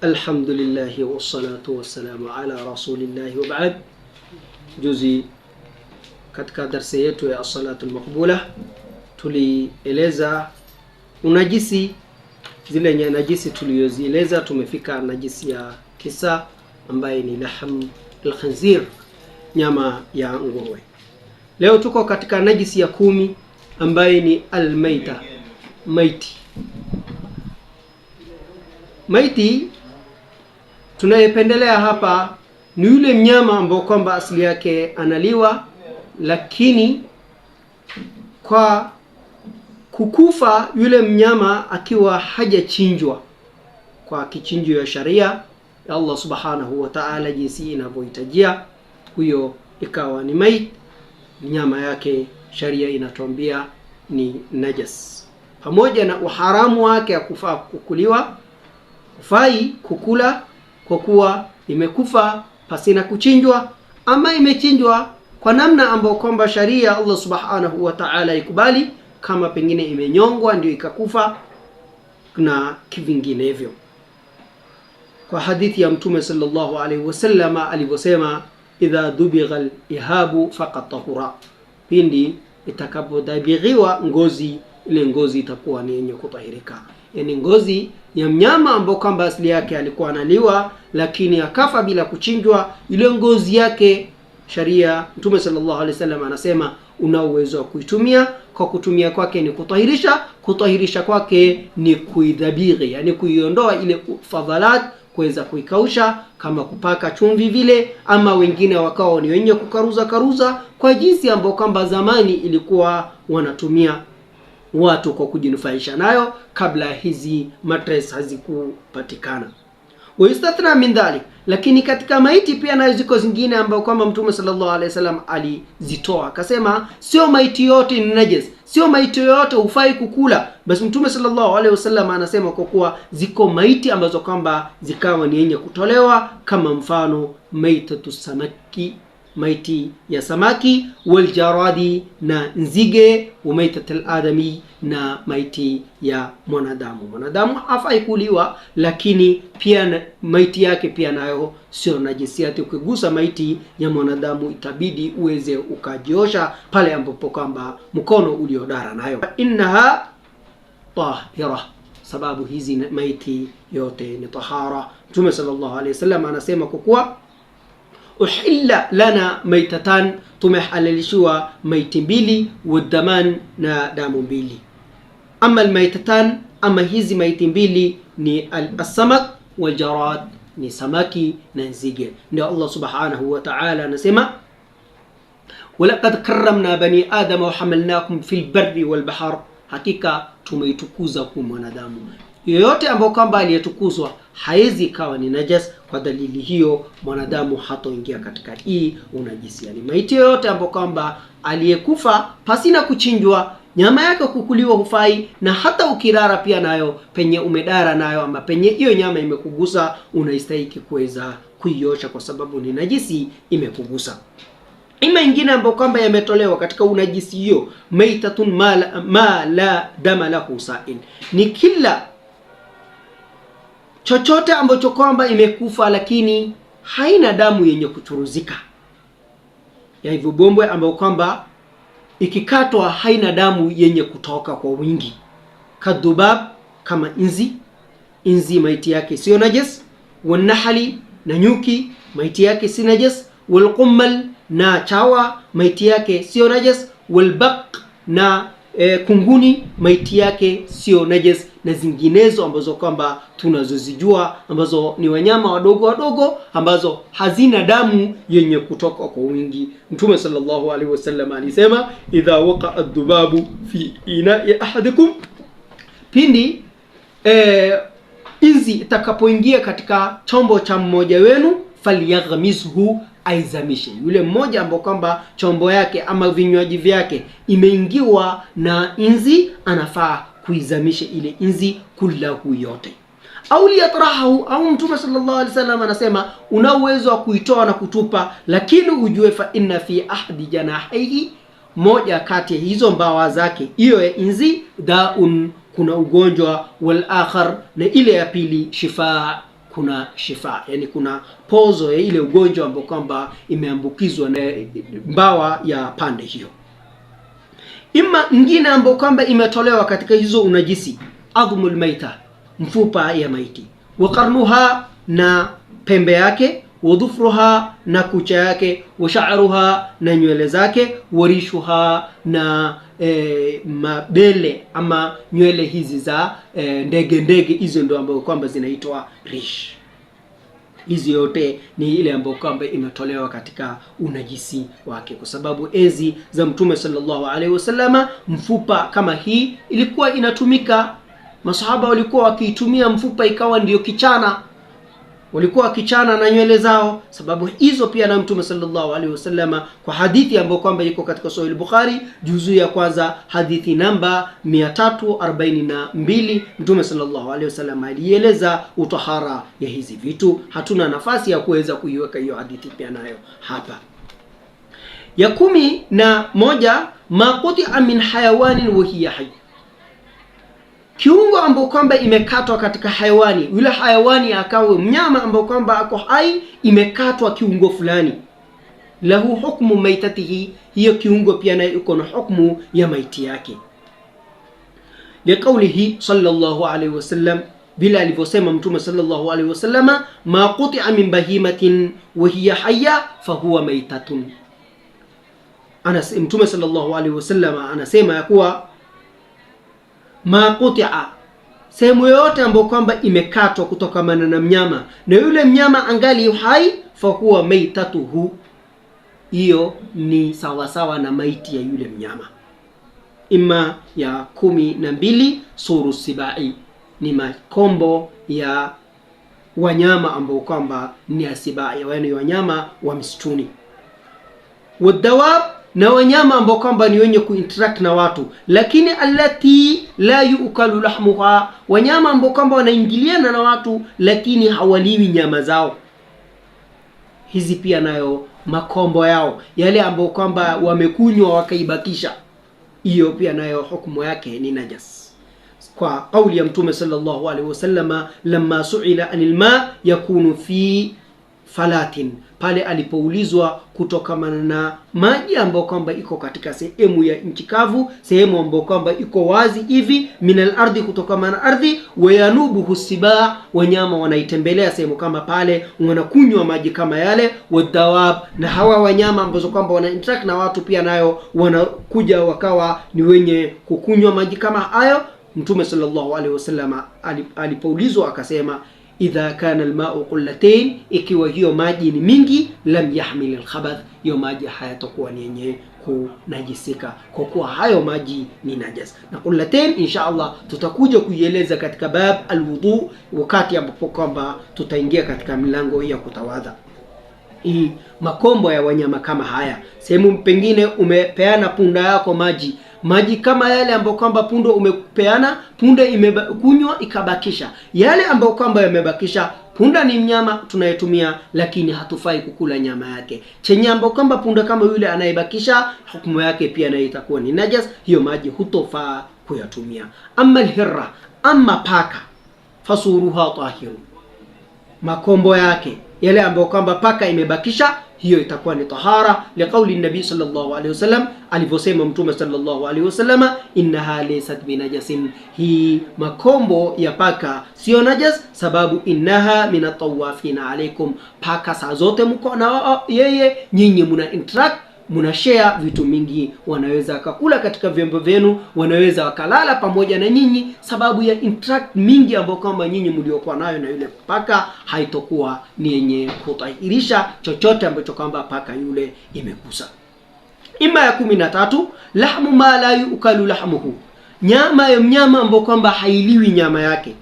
Alhamdulillahi wassalatu wassalamu ala rasulillahi wa baad. Juzi katika darsa yetu ya as-salatu al tulieleza unajisi, zile najisi tuliyozieleza. Tumefika najisi ya kisa ambaye ni laham al-khanzir, nyama ya nguruwe. Leo tuko katika najisi ya kumi ambaye ni almaita, maiti. Maiti tunayependelea hapa ni yule mnyama ambao kwamba asili yake analiwa, lakini kwa kukufa yule mnyama akiwa hajachinjwa kwa kichinjio ya sharia ya Allah subhanahu wa ta'ala, jinsi inavyohitajia, huyo ikawa ni mait, nyama yake sharia inatuambia ni najas, pamoja na uharamu wake ya kufaa kukuliwa, kufai kukula kwa kuwa imekufa pasina kuchinjwa ama imechinjwa kwa namna ambayo kwamba sharia Allah subhanahu wa ta'ala ikubali, kama pengine imenyongwa ndio ikakufa na kivinginevyo, kwa hadithi ya Mtume sallallahu alaihi wasallam alivyosema, idha dubigha lihabu faqad tahura, pindi itakapodabighiwa ngozi, ile ngozi itakuwa ni yenye kutahirika yani ngozi ya mnyama ambao kwamba asili yake alikuwa analiwa, lakini akafa bila kuchinjwa, ile ngozi yake sharia, Mtume sallallahu alaihi wasallam anasema una uwezo wa kuitumia. Kwa kutumia kwake ni kutahirisha, kutahirisha kwake ni kuidhabiri yani kuiondoa ile fadhalat, kuweza kuikausha kama kupaka chumvi vile, ama wengine wakawa ni wenye kukaruza karuza, kwa jinsi ambao kwamba zamani ilikuwa wanatumia watu kwa kujinufaisha nayo kabla hizi matres hazikupatikana. Wayustathna min dhalik, lakini katika maiti pia nayo ziko zingine ambayo kwamba Mtume sallallahu alaihi wasallam alizitoa akasema, sio maiti yote ni najis, sio maiti yote hufai kukula. Basi Mtume sallallahu alaihi wasallam anasema kwa kuwa ziko maiti ambazo kwamba zikawa ni yenye kutolewa, kama mfano maitatu samaki maiti ya samaki, waljaradi na nzige, umaitat ladami na maiti ya mwanadamu. Mwanadamu hafai kuliwa, lakini pia maiti yake pia nayo sio najisi yake. Ukigusa maiti ya mwanadamu itabidi uweze ukajiosha pale ambapo kwamba mkono uliodara nayo. Innaha tahira sababu hizi maiti yote ni tahara. Mtume sallallahu alaihi wasallam anasema kwa kuwa أحل لنا ميتتان تمح على لشوا ميت بيلي والدمان نا بيلي أما الميتتان أما هزي ميت بيلي ني السمك والجراد ني سمكي ننزيجي ني الله سبحانه وتعالى نسمع ولقد كرمنا بني آدم وحملناكم في البر والبحر حقيقة تميتكوزكم ونادامو yoyote ambayo kwamba aliyetukuzwa haizi ikawa ni najas. Kwa dalili hiyo mwanadamu hatoingia katika hii unajisi, yani maiti yoyote ambayo kwamba aliyekufa pasina kuchinjwa nyama yake kukuliwa hufai, na hata ukirara pia nayo penye umedara nayo ama penye hiyo nyama imekugusa unaistahiki kuweza kuiosha, kwa sababu ni najisi imekugusa. Ima ingine ambayo kwamba yametolewa katika unajisi hiyo, maitatun ma la dama lahu sail, ni kila chochote ambacho kwamba imekufa lakini haina damu yenye kuchuruzika. Ya hivyo bombwe ambayo kwamba ikikatwa haina damu yenye kutoka kwa wingi, kadhubab, kama inzi. Inzi maiti yake sio najes wanahali na nyuki maiti yake si najes walqummal na chawa maiti yake siyo najes walbaq na e, kunguni maiti yake siyo najes na zinginezo ambazo kwamba tunazozijua ambazo ni wanyama wadogo wadogo ambazo hazina damu yenye kutoka kwa wingi. Mtume sallallahu alaihi wasallam alisema, idha waqaa dhubabu fi inai ahadikum, pindi hizi eh, e, itakapoingia katika chombo cha mmoja wenu, falyaghmishu aizamishe yule mmoja ambao kwamba chombo yake ama vinywaji vyake imeingiwa na inzi, anafaa kuizamisha ile nzi kullahu yote au liyatrahahu au Mtume sallallahu alaihi wasallam anasema una uwezo wa kuitoa na kutupa, lakini ujue fa inna fi ahdi janahihi, moja kati ya hizo mbawa zake hiyo ya inzi daun, kuna ugonjwa, wal akhar, na ile ya pili shifaa, kuna shifa, yani kuna pozo ya ile ugonjwa ambao kwamba imeambukizwa na mbawa ya pande hiyo. Ima ngine ambayo kwamba imetolewa katika hizo unajisi, adhumul maita, mfupa ya maiti, wakarnuha na pembe yake, wadhufruha na kucha yake, wa na nywele zake, warishuha na E, mabele ama nywele hizi za e, ndege ndege, hizo ndio ambayo kwamba zinaitwa rish hizi yote ni ile ambayo kwamba imetolewa katika unajisi wake, kwa sababu enzi za Mtume sallallahu alaihi wasallama mfupa kama hii ilikuwa inatumika, masahaba walikuwa wakiitumia mfupa ikawa ndiyo kichana walikuwa wakichana na nywele zao, sababu hizo pia na Mtume sallallahu alaihi wasallam kwa hadithi ambayo kwamba iko katika Sahih Bukhari juzuu ya kwanza hadithi namba 342 Mtume sallallahu alaihi wasallam alieleza utahara ya hizi vitu. Hatuna nafasi ya kuweza kuiweka hiyo hadithi pia nayo hapa. Ya kumi na moja, maqutia min hayawanin hiya hayy kiungo ambao kwamba imekatwa katika hayawani, yule hayawani akawe mnyama ambao kwamba ako hai, imekatwa kiungo fulani, lahu hukmu maitatihi, hiyo kiungo pia nayo iko na hukmu ya maiti yake. Liqaulihi sallallahu alayhi wasallam, bila alivyosema Mtume sallallahu alayhi wasallama, ma qutia min bahimatin wa hiya haya fahuwa maitatun. Mtume sallallahu alayhi wasallama anasema ya kuwa makutia, sehemu yoyote ambayo kwamba imekatwa kutokamana na mnyama na yule mnyama angali fa huwa maitatuhu, hiyo ni sawasawa na maiti ya yule mnyama. Ima ya kumi na mbili suru sibai ni makombo ya wanyama ambao kwamba ni asibai, yaani wanyama wa msituni wadawab na wanyama ambao kwamba ni wenye kuinteract na watu, lakini allati la yukalu lahmuha, wanyama ambao kwamba wanaingiliana na watu lakini hawaliwi nyama zao. Hizi pia nayo makombo yao yale ambao kwamba wamekunywa wakaibakisha, hiyo pia nayo hukumu yake ni najas, kwa kauli ya Mtume sallallahu alaihi wasallama, lamma suila anil ma yakunu fi falatin pale alipoulizwa kutokamana na maji ambayo kwamba iko katika sehemu ya nchi kavu, sehemu ambayo kwamba iko wazi hivi, minal ardhi, kutokamana na ardhi, wayanubu husiba, wanyama wanaitembelea sehemu kama pale, wanakunywa maji kama yale, wadhawab, na hawa wanyama ambazo kwamba wana interact na watu pia nayo wanakuja wakawa ni wenye kukunywa maji kama hayo. Mtume sallallahu alaihi wasallam alipoulizwa akasema idha kana almau qullatain, ikiwa hiyo maji ni mingi, lam yahmil alkhabath, hiyo maji hayatakuwa ni yenye kunajisika, kwa kuwa hayo maji ni najas. Na qullatain insha Allah tutakuja kuieleza katika bab alwudu, wakati ambapo kwamba tutaingia katika milango ya kutawadha I, makombo ya wanyama kama haya. Sehemu pengine umepeana punda yako maji maji kama yale ambayo kwamba punde umepeana, punde imekunywa ikabakisha yale ambayo kwamba yamebakisha. Punda ni mnyama tunayetumia, lakini hatufai kukula nyama yake. Chenye ambayo kwamba punda kama yule anayebakisha, hukumu yake pia nayo itakuwa ni najas, hiyo maji hutofaa kuyatumia. Ama alhirra, ama paka, fasuruha tahiru, makombo yake yale ambayo kwamba paka imebakisha hiyo itakuwa ni tahara, liqauli nabii sallallahu alaihi wasallam, alivyosema Mtume sallallahu alaihi wasallam, innaha laysat binajasin, hii makombo ya paka sio najas, sababu innaha minatawafina alaikum, paka saa zote mko na oh, yeye, nyinyi muna interact share vitu mingi, wanaweza wakakula katika vyombo vyenu, wanaweza wakalala pamoja na nyinyi, sababu ya interact mingi ambayo kwamba nyinyi mliokuwa nayo na yule paka haitokuwa ni yenye kutahirisha chochote ambacho kwamba paka yule imegusa. Ima ya kumi na tatu, lahmu ma la yukalu lahmuhu, nyama ya mnyama ambayo kwamba hailiwi nyama yake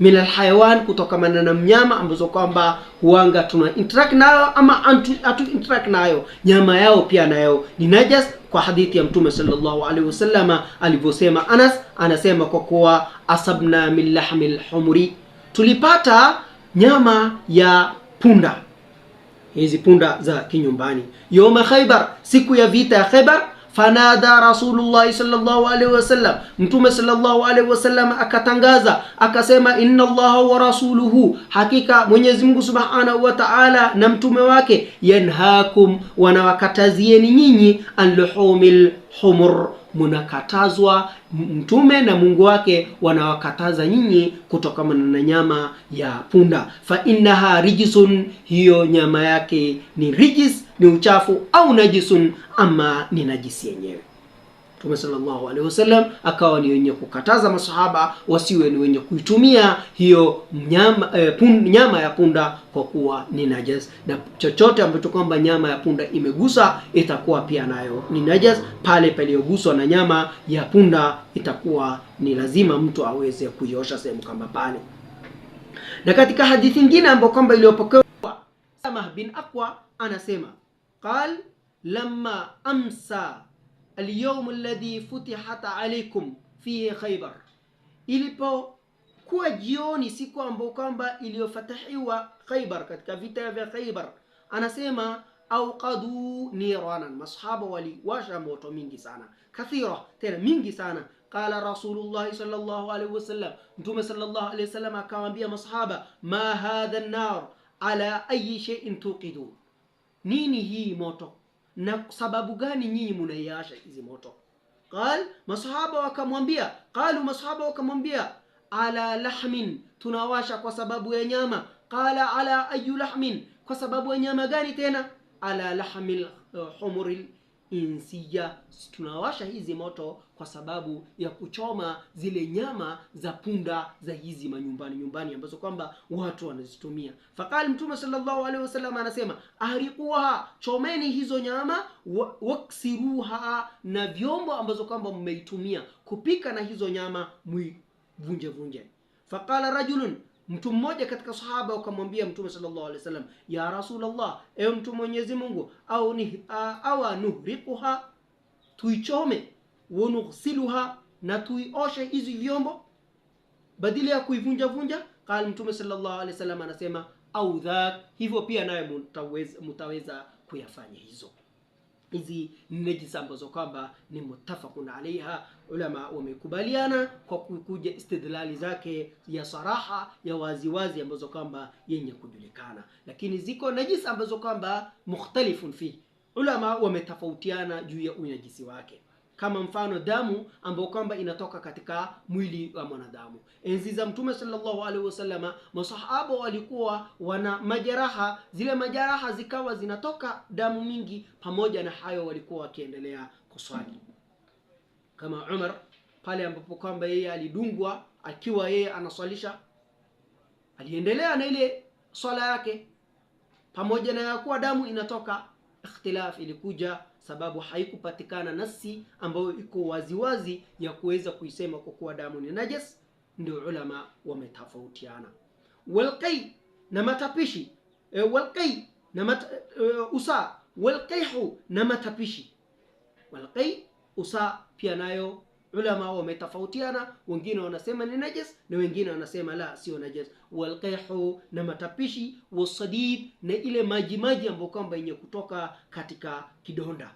minal hayawan, kutokamana na mnyama ambazo kwamba huanga tuna interact nayo ama antu, atu interact nayo nyama yao pia nayo ni najas, kwa hadithi ya Mtume sallallahu alaihi wasallama alivyosema Anas, anasema kwa kuwa asabna min lahmil humri, tulipata nyama ya punda, hizi punda za kinyumbani, yoma Khaibar, siku ya vita ya Khaibar fanada rasulullahi sallallahu alaihi wasallam, mtume sallallahu alaihi wasallam akatangaza akasema, inna allaha wa rasuluhu, hakika Mwenyezi Mungu subhanahu wa ta'ala na mtume wake, yanhakum, wanawakatazieni nyinyi luhumil humur, munakatazwa. Mtume na Mungu wake wanawakataza nyinyi kutokamana na nyama ya punda. Fa innaha rijisun, hiyo nyama yake ni rijis, ni uchafu au najisun, ama ni najisi yenyewe. Mtume sallallahu alaihi wasallam akawa ni wenye kukataza masahaba wasiwe ni wenye kuitumia hiyo nyama, e, eh, pun, nyama ya punda kwa kuwa ni najas, na chochote ambacho kwamba nyama ya punda imegusa itakuwa pia nayo ni najas. Pale paliyoguswa na nyama ya punda itakuwa ni lazima mtu aweze kuiosha sehemu kama pale. Na katika hadithi nyingine ambayo kwamba iliyopokewa Samah bin Aqwa anasema qal lamma amsa اليوم الذي فتحت عليكم فيه خيبر ilipokuwa jioni siku ambao kwamba iliyofatahiwa khaibar katika vita vya khaibar anasema auqadu niranan masahaba waliwasha moto mingi sana kathira tena mingi sana قال رسول الله صلى الله عليه وسلم انتم صلى الله عليه وسلم كما بيا مصحابة ما هذا النار على أي شيء توقدون نيني هي موتو na sababu gani nyinyi munaiasha hizi moto qal masahaba wakamwambia qalu masahaba wakamwambia ala lahmin tunawasha kwa sababu ya nyama qala ala ayu lahmin kwa sababu ya nyama gani tena ala lahmil uh, humuril insia. tunawasha hizi moto kwa sababu ya kuchoma zile nyama za punda za hizi manyumbani nyumbani ambazo kwamba watu wanazitumia. Fakali Mtume sallallahu alaihi wasallam anasema ahriquha chomeni hizo nyama, waksiruha, na vyombo ambazo kwamba mmeitumia kupika na hizo nyama mwivunje vunje. rajulun Mtu mmoja katika sahaba ukamwambia Mtume sallallahu alaihi wasallam, ya Rasulullah, ewe mtu Mwenyezi Mungu, au ni awa nuhriquha, tuichome, wanughsiluha, na tuioshe hizi vyombo badili ya kuivunja vunja. Qala Mtume sallallahu alaihi wasallam anasema, au dhak, hivyo pia naye mtaweza kuyafanya hizo hizi nne jinsi ambazo kwamba ni mutafakun alaiha, ulama wamekubaliana kwa kukuja istidlali zake ya saraha ya waziwazi ambazo kwamba yenye kujulikana, lakini ziko najisi ambazo kwamba mukhtalifun fi, ulama wametofautiana juu ya unajisi wake kama mfano damu ambayo kwamba inatoka katika mwili wa mwanadamu. Enzi za Mtume sallallahu alaihi wasallama, masahaba walikuwa wana majeraha, zile majeraha zikawa zinatoka damu mingi. Pamoja na hayo, walikuwa wakiendelea kuswali kama Umar pale ambapo kwamba yeye alidungwa akiwa yeye anaswalisha, aliendelea na ile swala yake pamoja na ya kuwa damu inatoka. Ikhtilaf ilikuja sababu haikupatikana nasi ambayo iko waziwazi ya kuweza kuisema kwa kuwa damu ni najis. Ndio ulama wametofautiana. Walqai na matapishi e, walqai na mat, e, usa walqaihu na matapishi walqai usa pia nayo ulama wametofautiana, wengine wanasema ni najis na wengine wanasema la, sio najis Walqihu, na matapishi, wasadid, na ile maji maji ambayo kwamba yenye kutoka katika kidonda,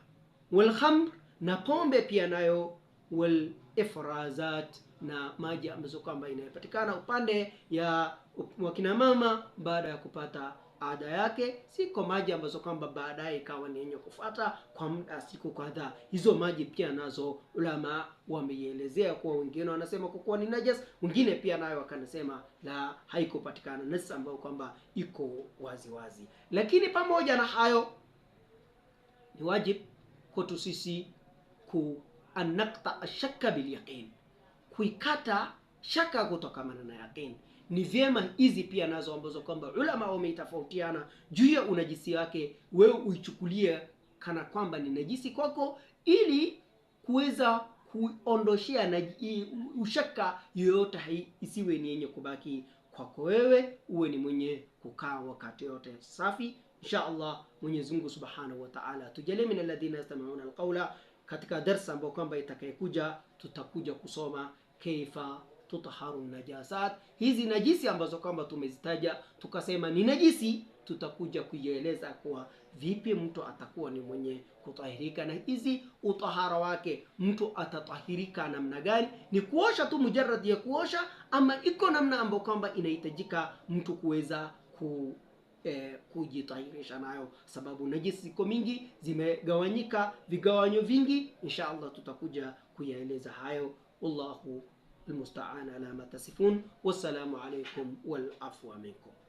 walhamr, na pombe pia nayo, walifrazat, na maji ambazo kwamba inayopatikana upande ya wakina mama baada ya kupata ada yake siko maji ambazo kwamba baadaye ikawa ni yenye kufuata kwa muda ah, siku kadhaa. Hizo maji pia nazo ulama wameielezea kuwa wengine wanasema kwa kuwa ni najas, wengine pia nayo wakanasema la haikupatikana nasi ambayo kwamba iko waziwazi wazi. Lakini pamoja na hayo ni wajib kwetu sisi ku anakta ashaka bilyaqin, kuikata shaka kutokamana na yaqini ni vyema hizi pia nazo ambazo kwamba ulama wameitofautiana juu ya unajisi wake, wewe uichukulie kana kwamba ni najisi kwako, ili kuweza kuondoshea na ushaka yoyote, isiwe ni yenye kubaki kwako wewe, uwe ni mwenye kukaa wakati yote safi. Insha Allah Mwenyezi Mungu Subhanahu wa Ta'ala tujalie min alladhina yastami'una alqawla. Katika darsa ambayo kwamba itakayokuja tutakuja kusoma kaifa tutahharu najasat. Hizi najisi ambazo kwamba tumezitaja tukasema ni najisi, tutakuja kuieleza kuwa vipi mtu atakuwa ni mwenye kutahirika na hizi utahara wake, mtu atatahirika namna gani? Ni kuosha tu, mujaradi ya kuosha, ama iko namna ambayo kwamba inahitajika mtu kuweza ku Eh, kujitahirisha nayo, sababu najisi ziko mingi, zimegawanyika vigawanyo vingi. Insha allah tutakuja kuyaeleza hayo. Wallahu المستعان على ما تصفون والسلام عليكم والعفو منكم